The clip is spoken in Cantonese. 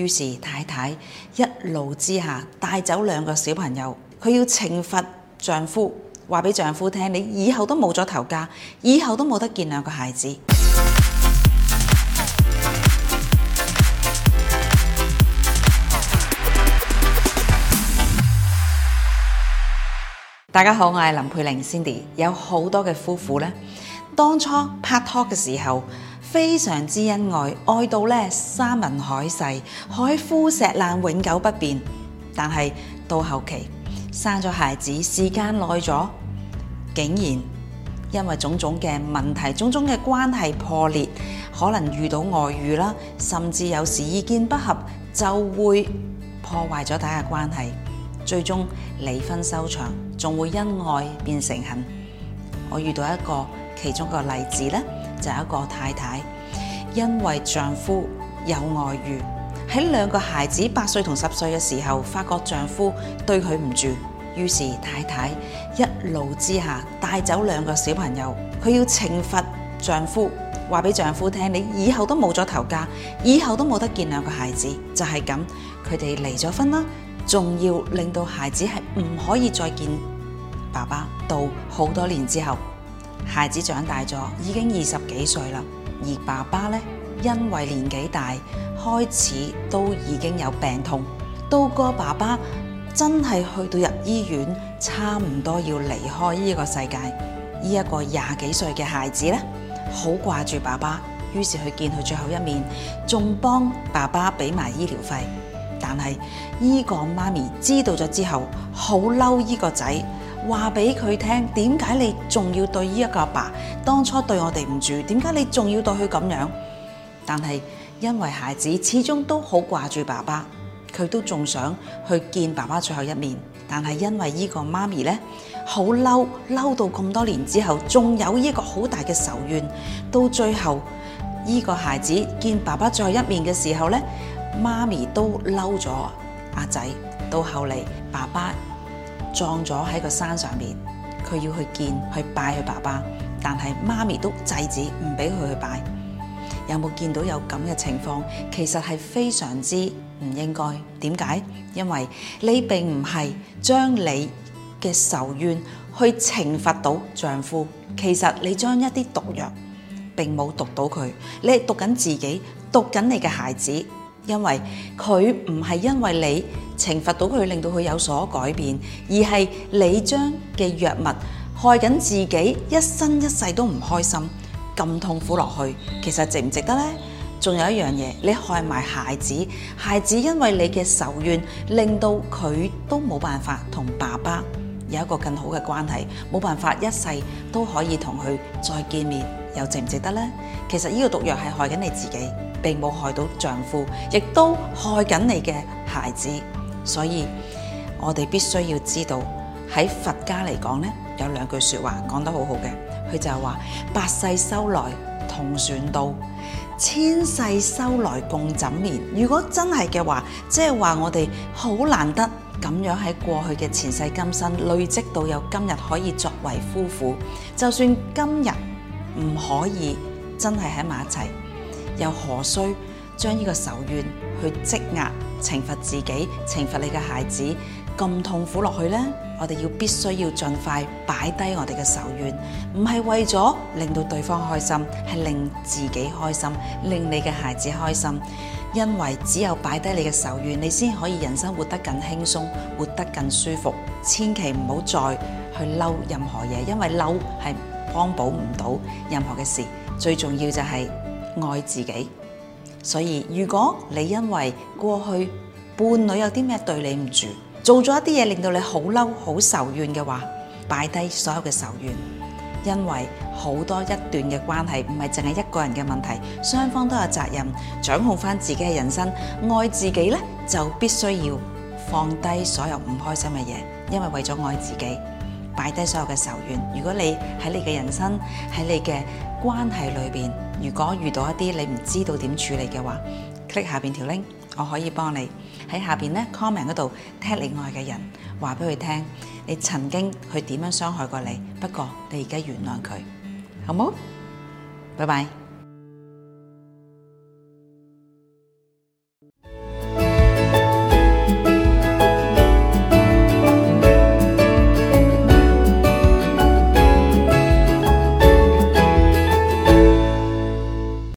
於是太太一怒之下帶走兩個小朋友，佢要懲罰丈夫，話俾丈夫聽：你以後都冇咗頭家，以後都冇得見兩個孩子。大家好，我係林佩玲 Cindy。有好多嘅夫婦呢，當初拍拖嘅時候，非常之恩愛，愛到咧山盟海誓，海枯石爛，永久不變。但係到後期生咗孩子，時間耐咗，竟然因為種種嘅問題、種種嘅關係破裂，可能遇到外遇啦，甚至有時意見不合，就會破壞咗大家的關係，最終離婚收場，仲會因愛變成恨。我遇到一個其中個例子咧。就有一個太太，因為丈夫有外遇，喺兩個孩子八歲同十歲嘅時候，發覺丈夫對佢唔住，於是太太一怒之下帶走兩個小朋友，佢要懲罰丈夫，話俾丈夫聽：你以後都冇咗頭家，以後都冇得見兩個孩子。就係咁，佢哋離咗婚啦，仲要令到孩子係唔可以再見爸爸，到好多年之後。孩子長大咗，已經二十幾歲啦。而爸爸呢，因為年紀大，開始都已經有病痛。到個爸爸真係去到入醫院，差唔多要離開呢個世界。呢、這、一個廿幾歲嘅孩子呢，好掛住爸爸，於是去見佢最後一面，仲幫爸爸畀埋醫療費。但是呢、這個媽咪知道咗之後，好嬲呢個仔。話俾佢聽，點解你仲要對呢一個阿爸，爸當初對我哋唔住？點解你仲要對佢咁樣？但係因為孩子始終都好掛住爸爸，佢都仲想去見爸爸最後一面。但係因為呢個媽咪呢，好嬲，嬲到咁多年之後，仲有一個好大嘅仇怨。到最後，呢個孩子見爸爸最後一面嘅時候呢，媽咪都嬲咗阿仔。到後嚟，爸爸。撞咗喺個山上面，佢要去見去拜佢爸爸，但係媽咪都制止唔俾佢去拜。有冇見到有咁嘅情況？其實係非常之唔應該。點解？因為你並唔係將你嘅仇怨去懲罰到丈夫，其實你將一啲毒藥，並冇毒到佢，你係毒緊自己，毒緊你嘅孩子。因為佢唔係因為你懲罰到佢令到佢有所改變，而係你將嘅藥物害緊自己，一生一世都唔開心，咁痛苦落去，其實值唔值得呢？仲有一樣嘢，你害埋孩子，孩子因為你嘅仇怨，令到佢都冇辦法同爸爸有一個更好嘅關係，冇辦法一世都可以同佢再見面，又值唔值得呢？其實呢個毒藥係害緊你自己。並冇害到丈夫，亦都害緊你嘅孩子，所以我哋必須要知道，喺佛家嚟講呢，有兩句說話講得好好嘅，佢就係話，百世修來同船渡，千世修來共枕眠。如果真係嘅話，即係話我哋好難得咁樣喺過去嘅前世今生累積到有今日可以作為夫婦，就算今日唔可以真係喺埋一齊。又何須將呢個仇怨去積壓，懲罰自己，懲罰你嘅孩子咁痛苦落去呢，我哋要必須要盡快擺低我哋嘅仇怨，唔係為咗令到對方開心，係令自己開心，令你嘅孩子開心。因為只有擺低你嘅仇怨，你先可以人生活得更輕鬆，活得更舒服。千祈唔好再去嬲任何嘢，因為嬲係幫補唔到任何嘅事。最重要就係。愛自己，所以如果你因為過去伴侶有啲咩對你唔住，做咗一啲嘢令到你好嬲、好仇怨嘅話，擺低所有嘅仇怨，因為好多一段嘅關係唔係淨係一個人嘅問題，雙方都有責任，掌控翻自己嘅人生。愛自己呢，就必須要放低所有唔開心嘅嘢，因為為咗愛自己，擺低所有嘅仇怨。如果你喺你嘅人生喺你嘅關係裏邊，如果遇到一啲你唔知道點處理嘅話，click 下面條 link，我可以幫你喺下面呢 comment 嗰度，踢你愛嘅人，話俾佢聽，你曾經佢點樣傷害過你，不過你而家原諒佢，好冇？拜拜。